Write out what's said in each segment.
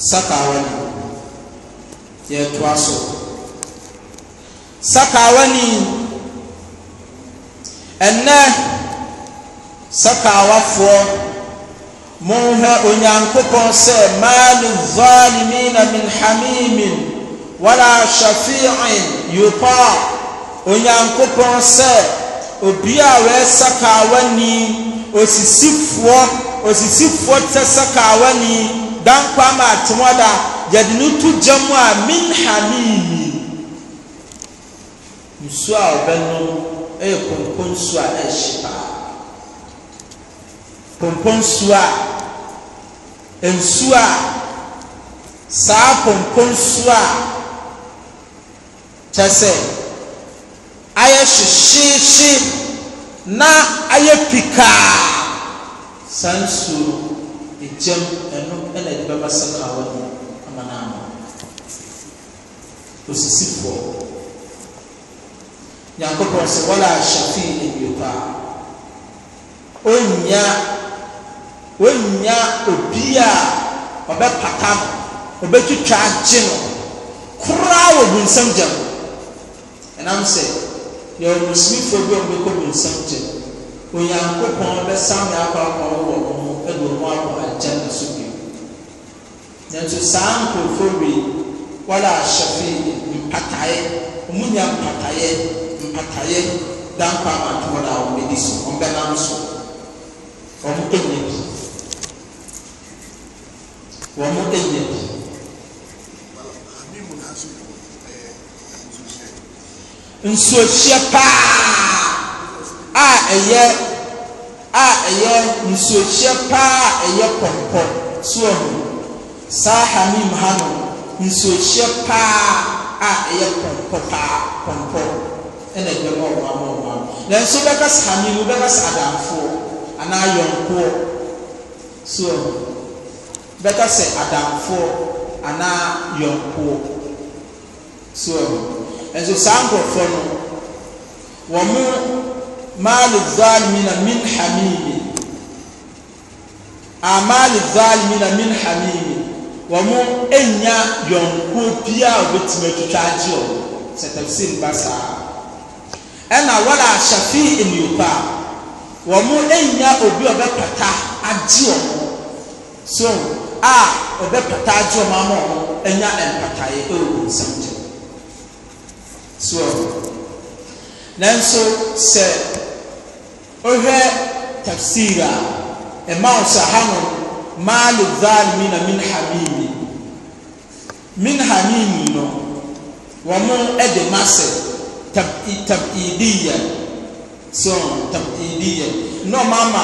sakaawa ni yɛtoa so sakaawa ni ɛnɛ sakaawafoɔ monhwɛ onyankopɔn sɛ maalu zalimina min hamimin wala shafi'in yupa onyankopɔn sɛ obi a wɔyɛ sakaawa ni osisifoɔ osisifoɔ tɛ sakaawa ni dankwama atemada yɛde no tu gya mu a min hamimi nsuo a ɔbɛnom yɛ pɔmpɔ nsuo a ɛhye paa pɔmpɔ nsuo a nsuo a saa pɔmpɔ nsuo a kyɛ sɛ ayɛ hyehyehye na ayɛ pikaa saa nsuo no egyam ɛno ɛna ɛde bɛba sakawa no ama no ama osisifoɔ nyankopɔn sɛ wɔla ahyɛfii ɛwiepaa ɔnya ɔnya obi a ɔbɛpata no ɔbɛtwitwa agye no koraa wɔ bunsam gya no ɛnam sɛ yɛwɔ muslimfoɔ bi a wɔbɛkɔ bunsam gya no onyankopɔn bɛsame akɔ akɔ wɔ wɔn ho ɛde wɔn akɔ agya no so bi nanso saa nkurɔfoɔ wei wɔla ahyɛfe mpataeɛ wɔn nya mpataeɛ mpataeɛ dankwa amatoma na wɔn ani so wɔn bɛnam so wɔn anya bi wɔn anya bi. nsuohyɛ paa a ɛyɛ a ɛyɛ nsuohyɛ paa a ɛyɛ pɔmpɔ soɔ ho saa hamim ha no paa a ɛyɛ pɔmpɔ paa pɔmpɔ ɛna ɛdɛm a ɔmo ama ɔmo ama nanso bɛka sa hamim bɛka sa adanfoɔ anaa yɔnkoɔ so bɛka sɛ adanfoɔ anaa yɔnkoɔ so nso saa nkorɔfoɔ no wɔn mo zaalimi na min hamim, a maalu zaalimi na min hamim wɔn anya yɔnko bia a wɔbɛtumi atwitwa agye wɔ sɛ tafsir ba saa ɛna wɔn a ahyɛfi nnipa wɔn anya obi a ɔbɛpata agye wɔn so a ɔbɛpata agye wɔn ama wɔn anya mpataeɛ ɛwɔ wɔn nsam kyɛ so nanso sɛ ɔhwɛ tafsir a ɛma ɔsɛ ha no maa lɛ zaali mi na mi na ha mi min e, e e hamim no wɔn de ma tabi tabidiyɛ so tabidiyɛ na wɔn ama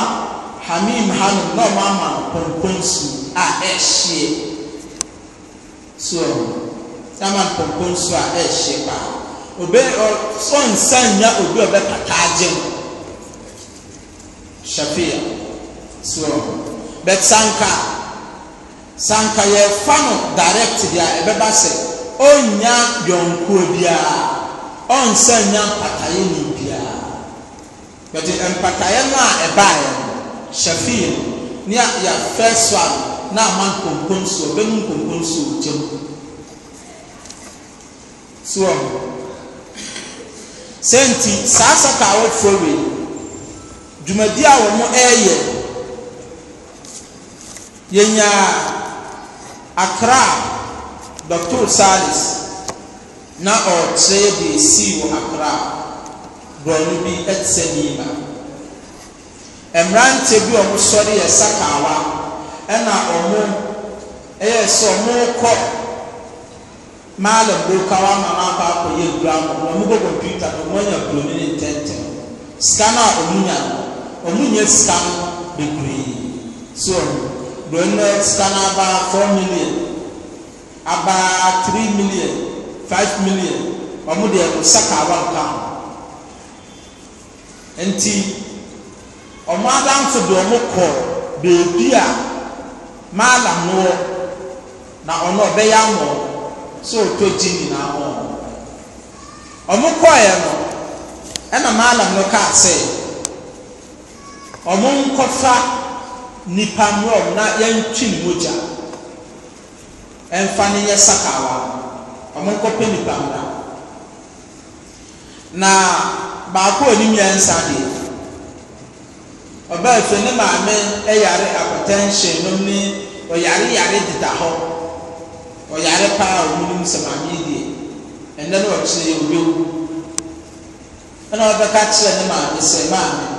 hamim hanom na wɔn ama pɔnpɔnsu a ɛhyɛ so ama pɔnpɔnsu a ɛhyɛ paa obe ɔ nsa nya obi a ɔbɛkata agye no shafia so bɛtsanka sanka yɛfa no direct deɛ a ɛbɛba sɛ ɔnnya yɔnkoɔ biara ɔnsa nya mpataeɛ ni biara bɛte mpataeɛ no a ɛbaeɛ no hyɛfie ne a yɛafɛ so a na ama nkonkonsoɔ bɛnu nkonkonsoɔ gyam soɔ senti um, saa saka a wɔfoɔ wei dwumadi a wɔn ɛreyɛ yɛnyaa akra dr salis na ɔrekyerɛ de esi wɔ akra borɔno bi te sɛ mmeranteɛ bi a wɔsɔre yɛ sakawa ɛna wɔn ɛyɛ sɛ wɔrekɔ maalam bokawa ama no akɔyɛ adwuma wɔn wɔbɔ kɔmputa wɔn anya buroni ne ntɛntɛn sika no a wɔn do no stand about four million about three million five million wɔn deɛ no saka awa nka ho nti wɔn adanfo de wɔn kɔ beebi a maala no wɔ na ɔno ɔbɛyɛ ano so ɔtɔ gyi nyinaa wɔ wɔn kɔɛ no ɛna maalam no kaa sɛ wɔn nkɔfa. nipa mmerɛm na yɛntwi ne mogya ɛmfa ne yɛ sakawa ɔmo nkɔpɛ nipa mmra na baako a anim yɛnsa deɛ ɔbaa efe ne maame ɛyare hyɛn nom ne ɔyare yare deda hɔ ɔyare paa a ɔmo nim sɛ maame yi deɛ ɛnɛ no ɔkyerɛ yɛ owiewu ɛna ɔbɛka kyerɛ ne maame sɛ maame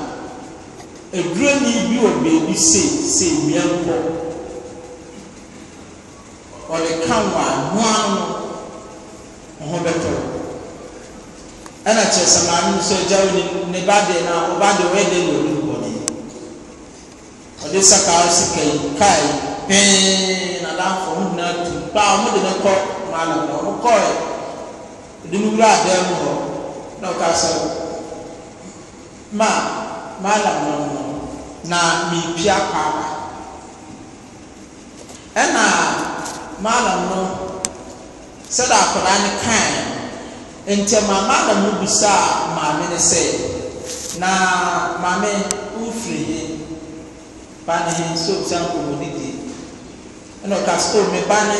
adurani bi wɔ beebi sei sei mmea nkɔ ɔde ka wɔ ano ano ho bɛtɔ ɛna kyerɛ sɛ maame nso agya wo ne ba deɛ na ɔba deɛ ɔyɛ deɛ na ɔde bɔ ne ɔde sakaa sika yi kaa yi pɛɛ na danfo ho nyinaa tu paa ɔmo de ne kɔ maame na ɔmo kɔɛ ɔde ne wura adan mu hɔ na ɔka sɛ maa maala mu no. na merepia kwaba ɛna malam no sɛde akɔdaa ne kae ntɛm a malam no bisaa maame ne sɛ na maame wofiri he ba ne he nso bisa nkɔmmɔ ne die ɛna ɔka so oh, me ba ne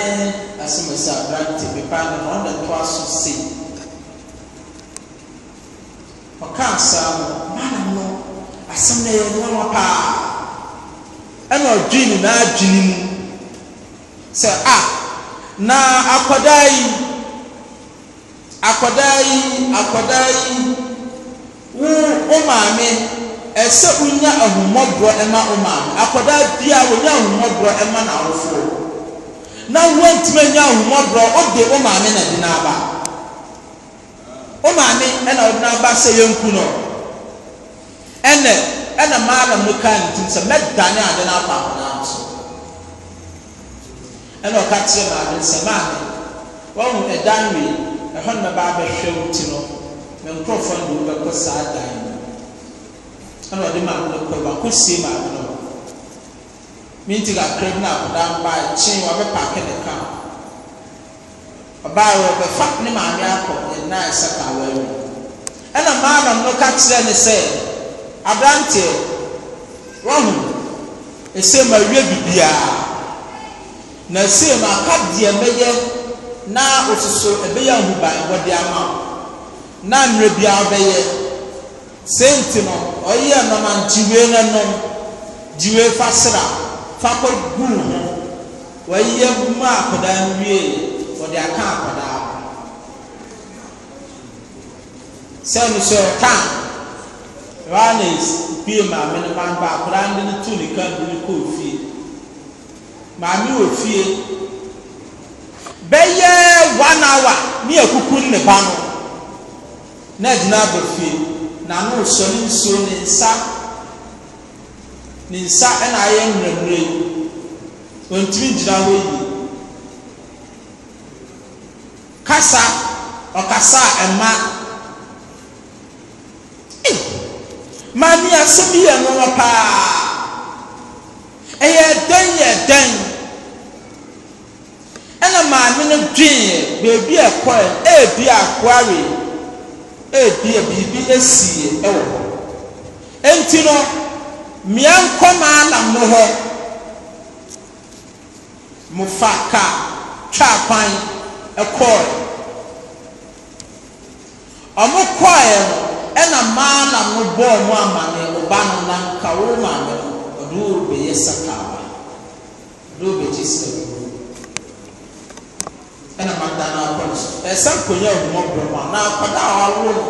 asomesa aberante me ba ne na ɔna to aso se Ɔka saa no malam no asɛm no yɛ nwanwa paa ɛna ɔdwe nyinaa dwene mu sɛ a na akwadaa yi akwadaa yi akwadaa yi wo wo maame ɛsɛ wonya ahomɔborɔ ɛma wo maame akwadaa bi a wonya ahomɔborɔ ɛma n'awofoɔ na woantumi anya ahomɔborɔ wode wo maame na de n'aba wo maame ɛna wode n'aba sɛ yɛnku no ɛnɛ ɛna maa na mo ka ne tim sɛ mɛdane ade no apa akwadaa no so ɛna ɔka kyerɛ maame sɛ maame wɔhu ɛdan wei ɛhɔ no mɛba abɛhwɛ wo ti no na nkurɔfoɔ no de saa dan no ɛna ɔde maame no kɔ wakɔsie maame no minti kakra bi na akwadaa no baa kyɛn wabɛpaake ne ka ɔbaa wɔ bɛfa ne maame akɔ ɛnna ɛsɛ kawa mu ɛna maa na mo ka kyerɛ ne sɛ aberanteɛ woahu ɛsei ma awie bibiaa na ɛsei ma aka deɛ mɛyɛ na ɔsoso ɛbɛyɛ ahuban wɔde ama wo na mmerɛ biara wobɛyɛ sei nti no ɔyɛ nnɔma nkyiwie no nom gyiwie fa sra fa kɔ guu ho wɔayɛ ma akwadaa no wie wɔde aka akwadaa sɛ no sɛ ɔka ranes bie maame no maame ba akwadaa no de no tu ne kan de no kɔɔ fie maame wɔ fie bɛyɛ one hour ne akuku ne ba no na agyina aba fie na no resɔ ne nsuo ne nsa ne nsa na ayɛ nwuramura yi ɔntumi gyina hɔ yi kasa ɔkasa ɛma. maame asɛm yi yɛ nwanwa paa ɛyɛ dɛn yɛ dɛn ɛna maame no dwee beebi a ɛkɔɛ ebi akoare ebi a biribi esie ɛwɔ hɔ ɛnti no mmea nkɔmaa nam no hɔ mofa ka twa kwan ɛkɔɔ ɔmo kɔɛ no. ɛna mmaa na no bɔɔ mu amane ɔba no na nka wo maame no ɔde wo bɛyɛ sakaaba ɔde wo bɛgye sika duro ɛna mada no akɔ no so ɛsɛ nkonnwa ahumɔborɔ mu a na akwadaa a wawo no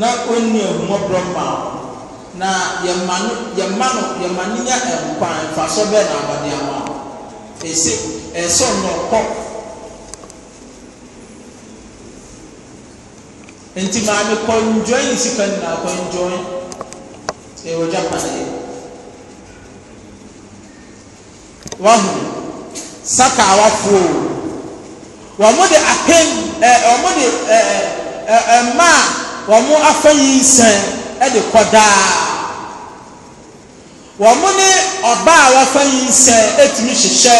na ɔnni ahumɔborɔ mu a na yɛma no yɛma no yɛma no nya nkwan mfaso bɛɛ na abade ama ɛsɛ ɛsɛ ɔno nti maame kɔ ndwɔn ne sika nyinaa kɔ ndwɔn ɛwɔ japan yɛ wahu saka awafoɔ wɔn de apem ɛɛ wɔn de ɛɛ ɛɛ mmaa wɔn afa yi nsɛn ɛde kɔ daa wɔn ne ɔbaa wafa yi nsɛn ɛtumi hyehyɛ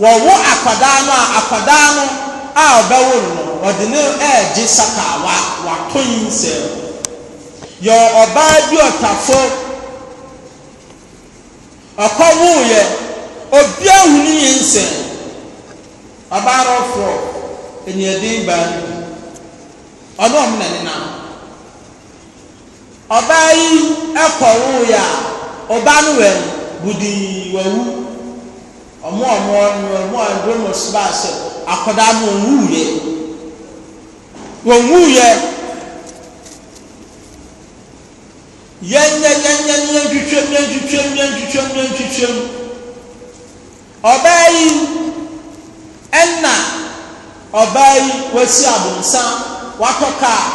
wɔwɔ akwadaa no a akwadaa no. a ɔbɛwo no ɔde ne ɛɛgye wa wato nsɛm yɛ ɔbaa bi ɔtafo ɔkɔ wuuyɛ obi ahu ne nsɛm ɔbaa no foɔ eniɛden baa no ɔno ɔmo na nena ɔbaa yi ɛkɔ ya, a ɔbaa no wɛ budii ɔmo a ɔmo ɔmo ɔmo a ɛdɔm ɔsi ba sɛ akwadaa no wɔn wu yɛ wɔn wu yɛ yɛnyɛ yɛnyɛ yɛn twitwam yɛn twitwam yɛn twitwam yɛn twitwam ɔbaa yi ɛna ɔbaa yi wɔasi abonsan watɔ kaa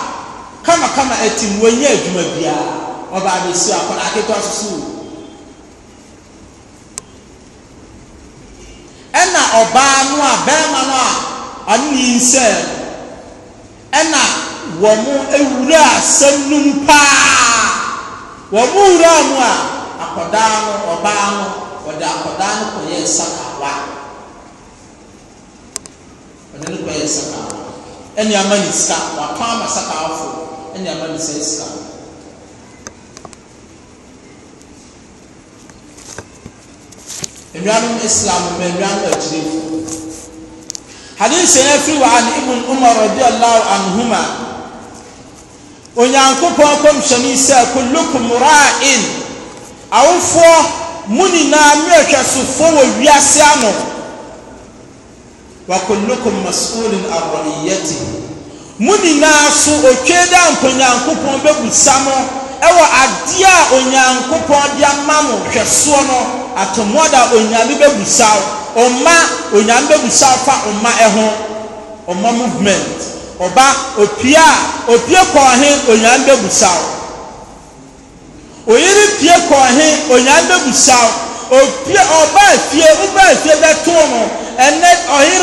kamakama ɛtim wɔnyɛ adwuma biara ɔbaa bɛsi akwadaa aketewa soso wɔ. ɔbaa no a bɛrima no a ano yi nsɛ ɛna wɔn ewura asɛm no mu paa wɔn wura mu a akɔdaa no ɔbaa no wɔde akɔdaa no kɔyɛ sakawa wɔde no kɔyɛ sakawa ɛne ama ne sika wɔatɔn ama sakawafo ɛne ama ne sɛ sika. nnuanom islam ma nnuanom akyirefo hadisi no afiri wɔ an ibn umar radiallahu anhuma onyankopɔn kɔmhyɛne sɛ kullukum ra'in awofoɔ mu nyinaa mmerɛhwɛsofoɔ wɔ wiase ano wa kullukum mas'ulun an ra'iyati mu nyinaa so otwe da nkonyankopɔn bɛbusa mo ɛwɔ adeɛ a onyankopɔn de ama mo hwɛsoɔ no atomoda onyame bɛbusaw ɔma onyame bɛbusaw fa ɔma ɛho ɔma movement ɔba opie a opie kɔɔhe onyame bɛbusaw oyere pie kɔɔhe onyame bɛbusaw opie ɔba afie woba afie bɛtoo no ɛnɛ ɔkɔɔhe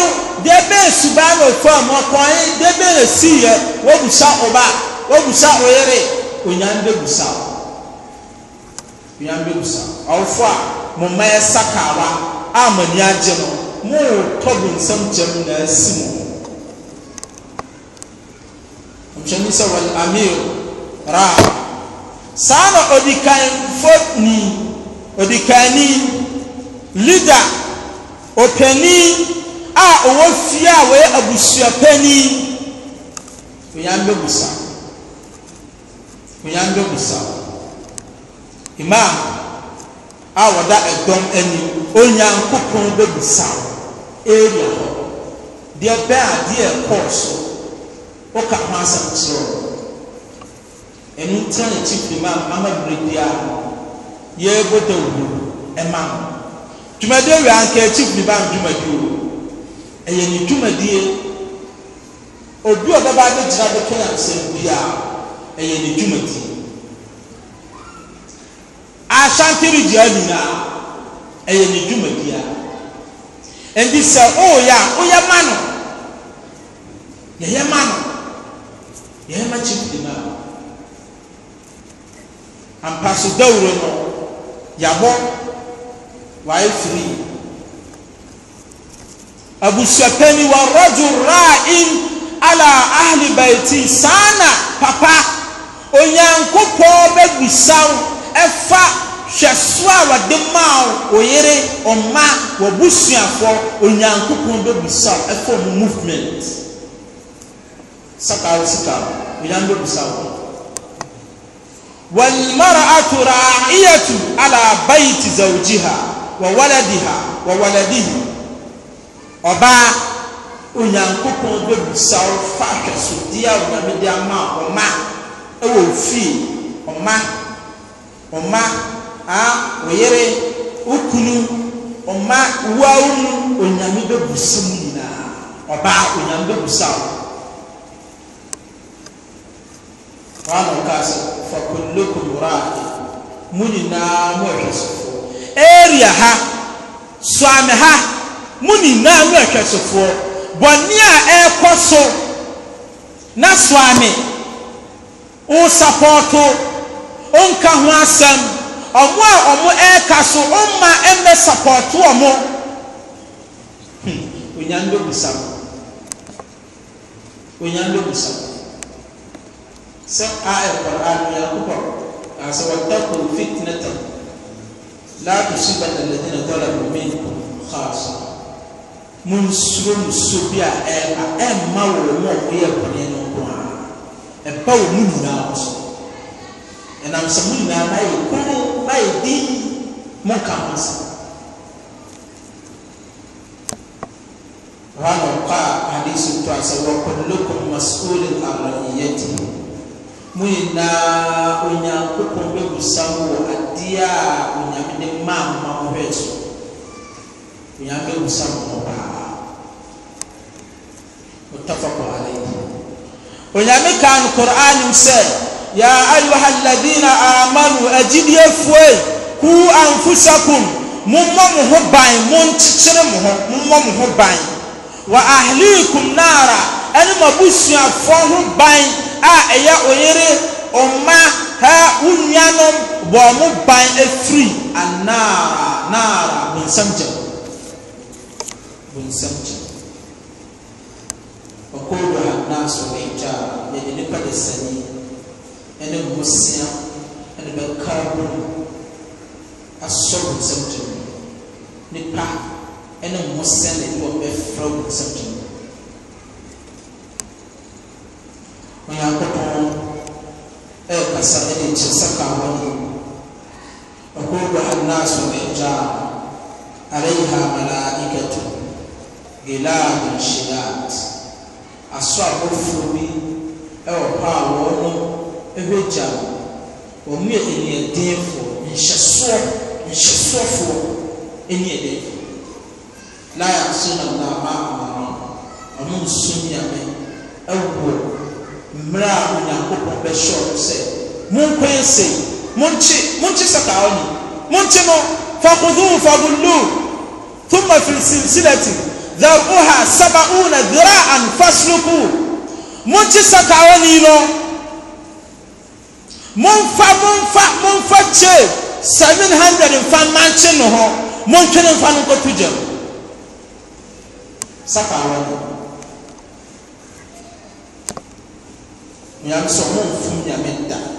ɔba onyame nua mbɛbusa ɔwofo a mo mma yɛ sakawa a mo ani agye no mo tɔ do nsɛm kyɛm na asi mo ntwɛni sɛ wɔn amir raa saa na odikanfo ni odikani lida ɔpanin a ɔwɔ fie a wɔyɛ abusuapanin nua mbɛbusa nua mbɛbusa imam a wɔda ɛdɔm ani onyankopɔn bɛbusa area hɔ deɛ bɛn a deɛ ɛkɔɔ so woka ho asɛm kyerɛ ɛnu tena ne chief imam mama bredi a yɛbɔ dawuro ɛma no dwumadie wia anka chief imam dwumadie o ɛyɛ ne dwumadie obi a ɔbɛba abɛgyina bɛka ne asɛm bi a ɛyɛ ne dwumadie akyantiri dua nyinaa ɛyɛ ne dwumadua ɛnti sɛ ɔɔyɛ a ɔyɛ ma no yɛyɛ ma no yɛyɛ ma kyim di ma ampa so dawuro no yabɔ wayɛ firi abusuapɛni wa rɔdu ra'in ala ahli baiti saa na papa onyankopɔn bɛbusaw ɛfa hwɛ so a wɔde maa wo yere ɔma wɔbusuafoɔ onyankopɔn bɛbusa wo ɛfɔ mu movement saka wo sika wo onyankopɔn bɛbusa wo والمرأة راعية على بيت زوجها وولدها وولده ɔbaa onyankopɔn bɛbusa wo fa ahwɛsodeɛ a onyame de ama ɔma ɛwɔ fie ɔma ɔma a wɔyere wo kunu ɔma wo awo nu onyame bɛbusa mu nyinaa ɔbaa onyame bɛbusa wo wɔn a wɔka sɛ fakolokum raaki mu nyinaa mo ɛhwɛ sofoɔ area ha soame ha mu nyinaa mo ɛhwɛ sofoɔ bɔnne a ɛrekɔ so na soame wo sapɔɔto wo nka ho asɛm ɔmo a ɔmo ɛɛka e so ɔma ɛmɛ e sapɔto hmm, ɔmo onyan do busa onyan do busa sɛ a ɛkɔrɔ e a no yɛ kokɔ a sɛ wɔtako fitinata laatu suba daladina dɔla min kaaso mo nsuro nsuo bi a ɛɛba ɛɛma wɔn mo a wɔyɛ bɔnɛ no nko a ɛba wɔn mu nyinaa so ɛnam sɛ mo nyinaa ayɛ kwan ayi di mu ka ho se rana kwa hadisi to ase wa kullukum mas'ulun an ra'iyati mu nyinaa onyankopɔn bɛbusa mu wɔ adeɛ a onyame de maa mo ma mo hwɛ so onyame bɛbusa mo ho paa mutafakɔ alayhi onyame kaa no qur'an mu sɛ ya ayuha aladina amanu agyidie fuei ku amfusakum mommɔ mo ho ban monkyekyere mo ho momɔ mo ho ban w ahlikom naara ɛne ma busuafoɔ ho ban a ɛyɛ o yere ɔma ha wo nuanom bɔɔ mo ban afiri anara ns y ɛne bosia ɛne bɛkaabo asɔrɔ nsɛm gyina nipa ɛne mmosia na ɛde wɔn bɛfra wɔn nsɛm gyina onyankopɔn ɛrekasa ɛde nkyɛn saka wɔn mu ɔkɔɔbɔ anaaso ɛgya alayha malaikatu gilad nhyiraat aso abɔfoɔ bi ɛwɔ hɔ a wɔn ɛbɛgya wɔn mu yɛ eniɛdenfoɔ nhyɛsoɔ nhyɛsoɔfoɔ eniɛdenfoɔ laayɛ aso na nnaama amano ɔmo nso nyame ɛwɔ mmerɛ a onyankopɔn bɛhyɛ ɔmo sɛ monkɔ nsɛm monkye monkye sakaa ɔmo monkye no fakoduu fagoduu thumma fi silsilati dharuha sabauna dhira'an fasluku monkye sakaa ɔmo yi no momfa momfa momfa kye 700 mfa mankye ne ho montwe ne mfa no nkɔto gya mu saka awɔ no nyame sɛ momfom nyame da